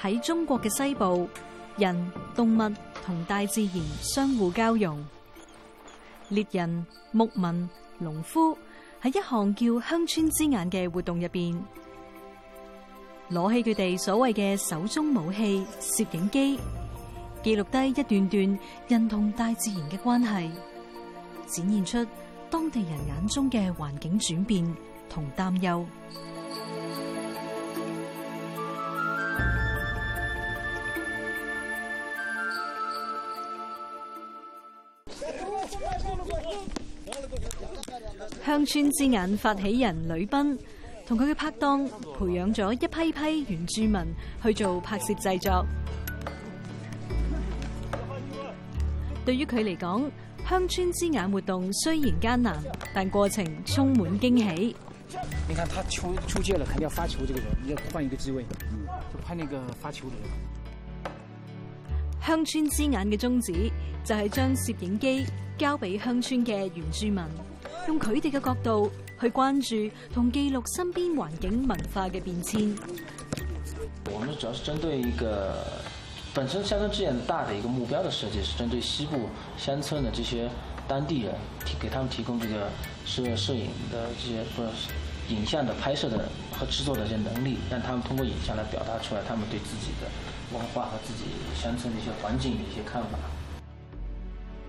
喺中國嘅西部，人、動物同大自然相互交融。獵人、牧民、農夫喺一項叫《鄉村之眼》嘅活動入邊，攞起佢哋所謂嘅手中武器——攝影機，記錄低一段段人同大自然嘅關係，展現出當地人眼中嘅環境轉變同擔憂。鄉村之眼發起人呂斌同佢嘅拍檔培養咗一批一批原住民去做拍攝製作。對於佢嚟講，鄉村之眼活動雖然艱難，但過程充滿驚喜。你看他球出界了，肯定要發球，這個人你要換一個機位，就拍那個發球的人。鄉村之眼嘅宗旨就係、是、將攝影機交俾鄉村嘅原住民。用佢哋嘅角度去關注同記錄身邊環境文化嘅變遷。我們主要是針對一個本身鄉村之眼的大的一個目標的設計，是針對西部鄉村的這些當地人，給他們提供這個攝攝影的這些，說影像的拍攝的和製作的一些能力，讓他們通過影像來表達出來他們對自己的文化和自己鄉村的一些環境的一些看法。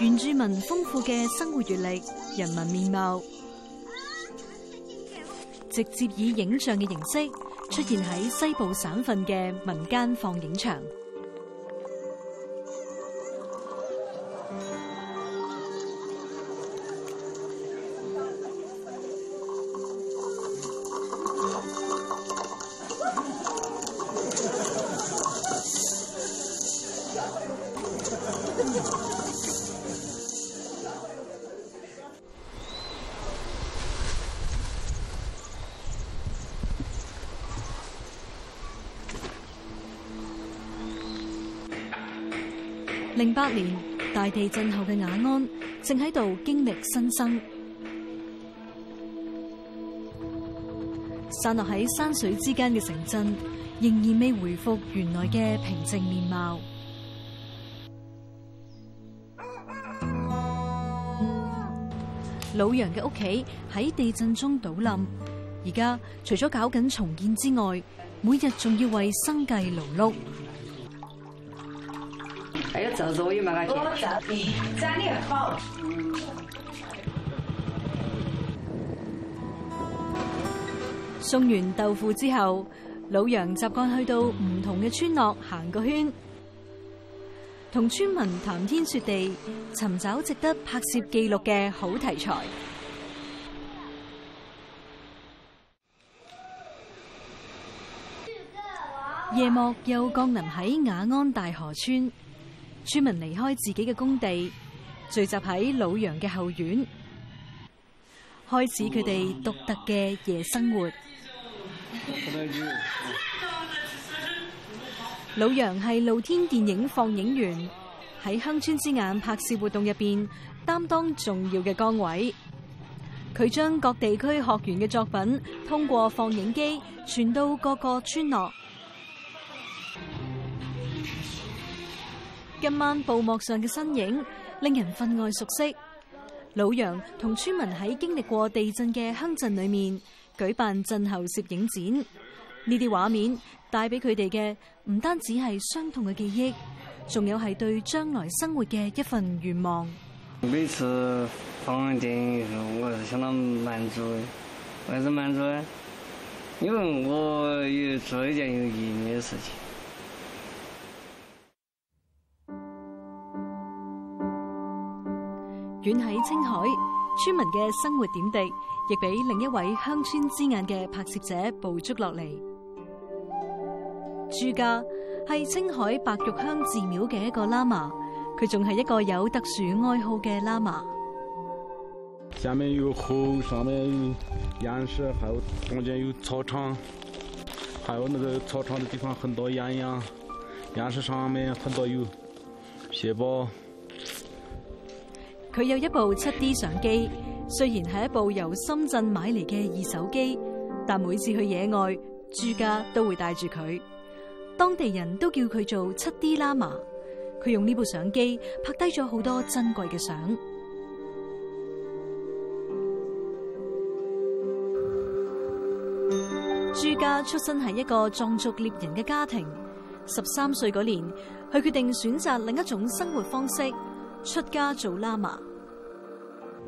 原住民豐富嘅生活閱歷、人文面貌，直接以影像嘅形式出現喺西部省份嘅民間放映場。零八年大地震後嘅雅安，正喺度經歷新生。散落喺山水之間嘅城鎮，仍然未恢復原來嘅平靜面貌。 老楊嘅屋企喺地震中倒冧，而家除咗搞緊重建之外，每日仲要為生計勞碌。送完豆腐之後，老楊習慣去到唔同嘅村落行個圈，同村民談天說地，尋找值得拍攝記錄嘅好題材。夜幕又降臨喺雅安大河村。村民離開自己嘅工地，聚集喺老楊嘅後院，開始佢哋獨特嘅夜生活。老楊係露天電影放映員，喺鄉村之眼拍攝活動入邊擔當重要嘅崗位。佢將各地區學員嘅作品通過放映機傳到各個村落。今晚布幕上嘅身影，令人分外熟悉。老楊同村民喺經歷過地震嘅鄉鎮裏面舉辦震後攝影展，呢啲畫面帶俾佢哋嘅唔單止係傷痛嘅記憶，仲有係對將來生活嘅一份願望。每次放完電影以後，我係相當滿足嘅，為咩滿足咧？因為我有做一件有意義嘅事情。遠喺青海，村民嘅生活點滴，亦俾另一位鄉村之眼嘅拍攝者捕捉落嚟。住家係青海白玉鄉寺廟嘅一個喇嘛，佢仲係一個有特殊愛好嘅喇嘛。下面有湖，上面有岩石，還有中間有草場，還有那個草場的地方很多岩羊，岩石上面很多有雪豹。血包佢有一部七 D 相機，雖然係一部由深圳買嚟嘅二手機，但每次去野外，朱家都會帶住佢。當地人都叫佢做七 D 喇嘛。佢用呢部相機拍低咗好多珍貴嘅相。朱家出身喺一個藏族獵人嘅家庭。十三歲嗰年，佢決定選擇另一種生活方式，出家做喇嘛。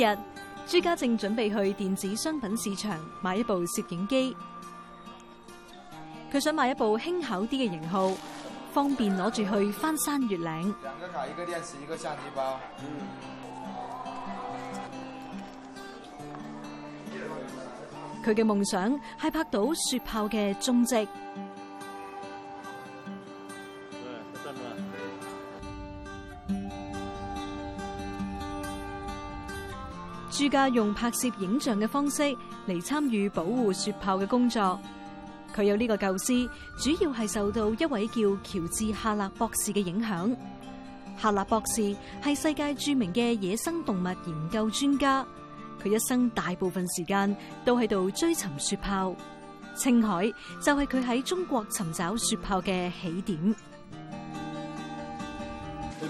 日，朱家正準備去電子商品市場買一部攝影機。佢想買一部輕巧啲嘅型號，方便攞住去翻山越嶺。兩個卡，一個電池，一個相機包。佢嘅、嗯、夢想係拍到雪豹嘅蹤跡。朱家用拍攝影像嘅方式嚟參與保護雪豹嘅工作。佢有呢個構思，主要係受到一位叫喬治夏勒博士嘅影響。夏勒博士係世界著名嘅野生動物研究專家，佢一生大部分時間都喺度追尋雪豹。青海就係佢喺中國尋找雪豹嘅起點。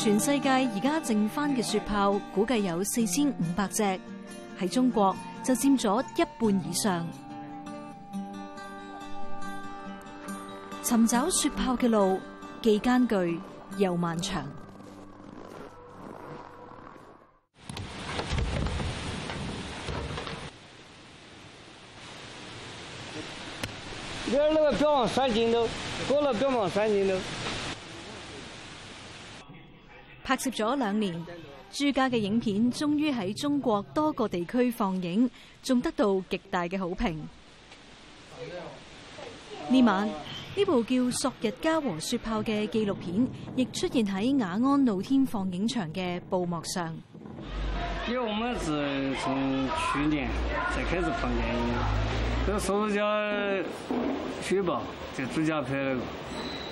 全世界而家剩翻嘅雪豹估計有四千五百隻，喺中國就佔咗一半以上。尋找雪豹嘅路既艱巨又漫長。那個拍攝咗兩年，朱家嘅影片終於喺中國多個地區放映，仲得到極大嘅好評。呢、嗯、晚呢部叫《索日家和雪豹》嘅紀錄片，亦出現喺雅安露天放映場嘅布幕上。因為我們是從去年才開始放電影，都屬於叫雪豹，就朱家拍嗰個。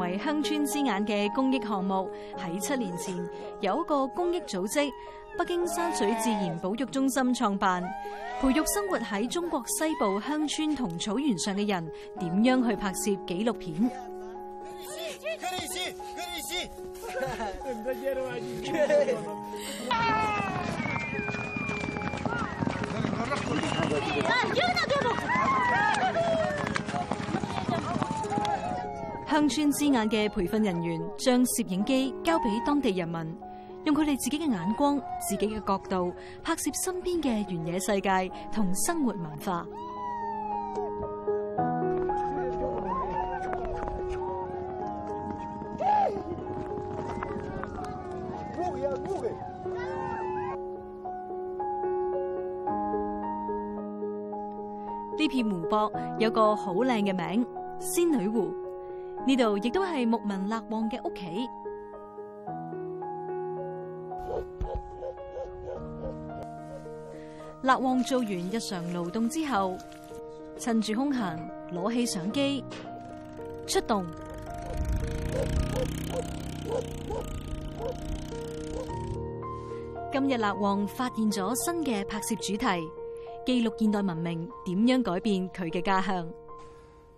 為鄉村之眼嘅公益項目，喺七年前有一個公益組織——北京山水自然保育中心創辦，培育生活喺中國西部鄉村同草原上嘅人，點樣去拍攝紀錄片。 鄉村之眼嘅培訓人員將攝影機交俾當地人民，用佢哋自己嘅眼光、自己嘅角度拍攝身邊嘅原野世界同生活文化。呢片湖泊有個好靚嘅名——仙女湖。呢度亦都係牧民勒旺嘅屋企。勒旺做完日常勞動之後，趁住空閒攞起相機出動。今日勒旺發現咗新嘅拍攝主題，記錄現代文明點樣改變佢嘅家鄉。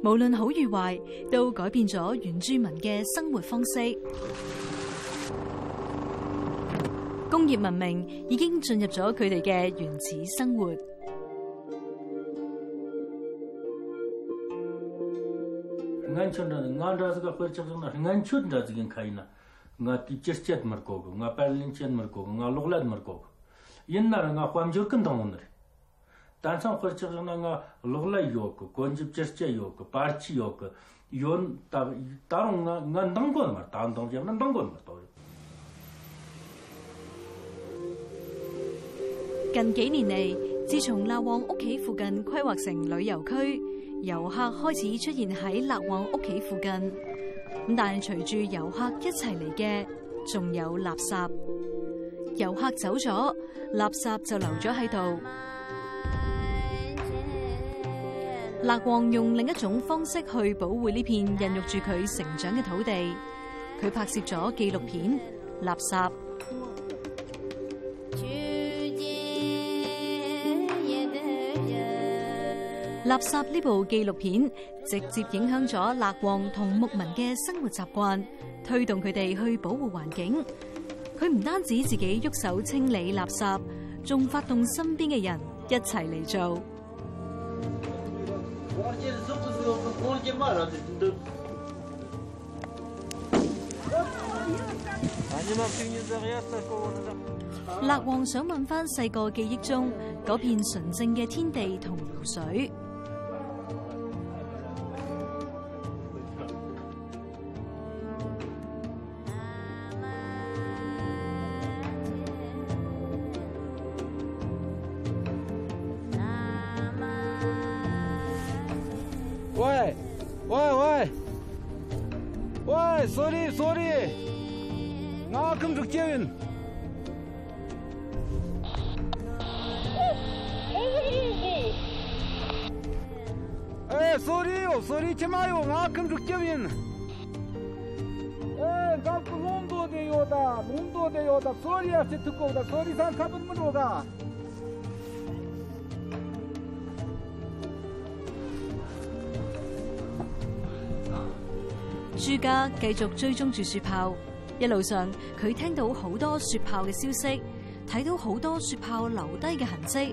無論好與壞，都改變咗原住民嘅生活方式。工業文明已經進入咗佢哋嘅原始生活。我穿得我着住嘅褲着得耐，我穿得着住嘅鞋呢，我跌跌跌唔顧嘅，我跑嚟跌跌唔顧嘅，我落嚟跌唔顧嘅，因那我換咗工種嗰度咧。單場或者上那個六日遊個，跟住七日遊個，八日遊個，因打打隆那我中國嘅嘛，打隆即係我中國嘅多。近幾年嚟，自從納旺屋企附近規劃成旅遊區，遊客開始出現喺納旺屋企附近。咁但係隨住遊客一齊嚟嘅，仲有垃圾。遊客走咗，垃圾就留咗喺度。勒王用另一種方式去保護呢片孕育住佢成長嘅土地。佢拍攝咗紀錄片《垃圾》。垃圾呢部紀錄片直接影響咗勒王同牧民嘅生活習慣，推動佢哋去保護環境。佢唔單止自己喐手清理垃圾，仲發動身邊嘅人一齊嚟做。勒王想問翻細個記憶中嗰片純淨嘅天地同湖水。我朱 家繼續追蹤住雪豹，一路上佢聽到好多雪豹嘅消息，睇到好多雪豹留低嘅痕迹。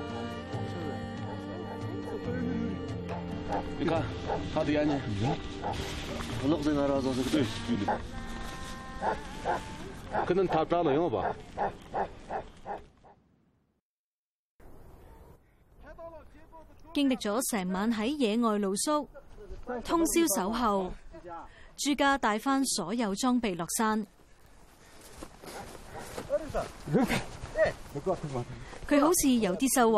經歷咗成晚喺野外露宿、通宵守候，朱家帶返所有裝備落山，佢好似有啲收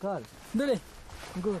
穫。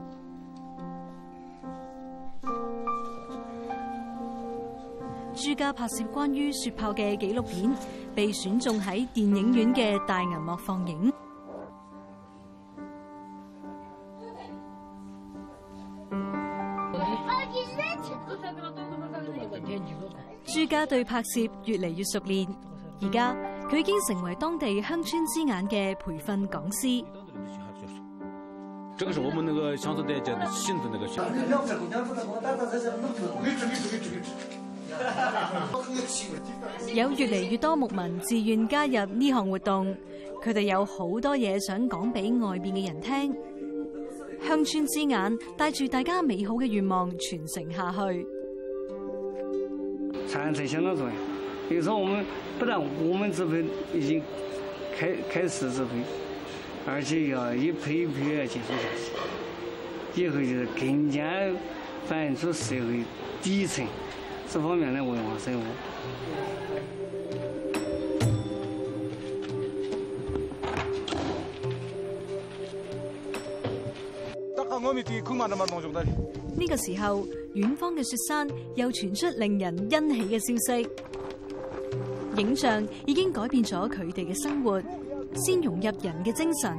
朱家拍攝關於雪豹嘅紀錄片，被選中喺電影院嘅大銀幕放映。朱家對拍攝越嚟越熟練，而家佢已經成為當地鄉村之眼嘅培訓講師。有越嚟越多牧民自願加入呢項活動，佢哋有好多嘢想講俾外邊嘅人聽。鄉村之眼帶住大家美好嘅願望傳承下去。傳承相當重要。咗，你說我們不但我們這批已經開開始這批，而且要一批一批嘅接住下去，以後就更加反映出社會底層。呢個時候，遠方嘅雪山又傳出令人欣喜嘅消息。影像已經改變咗佢哋嘅生活，先融入人嘅精神，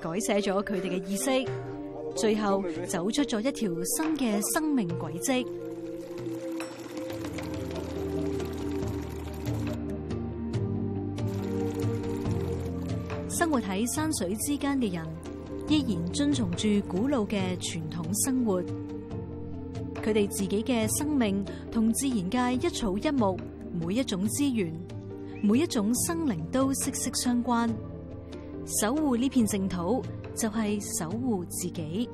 改寫咗佢哋嘅意識，最後走出咗一條新嘅生命軌跡。喺山水之間嘅人，依然遵從住古老嘅傳統生活。佢哋自己嘅生命同自然界一草一木、每一種資源、每一種生靈都息息相關。守護呢片淨土，就係守護自己。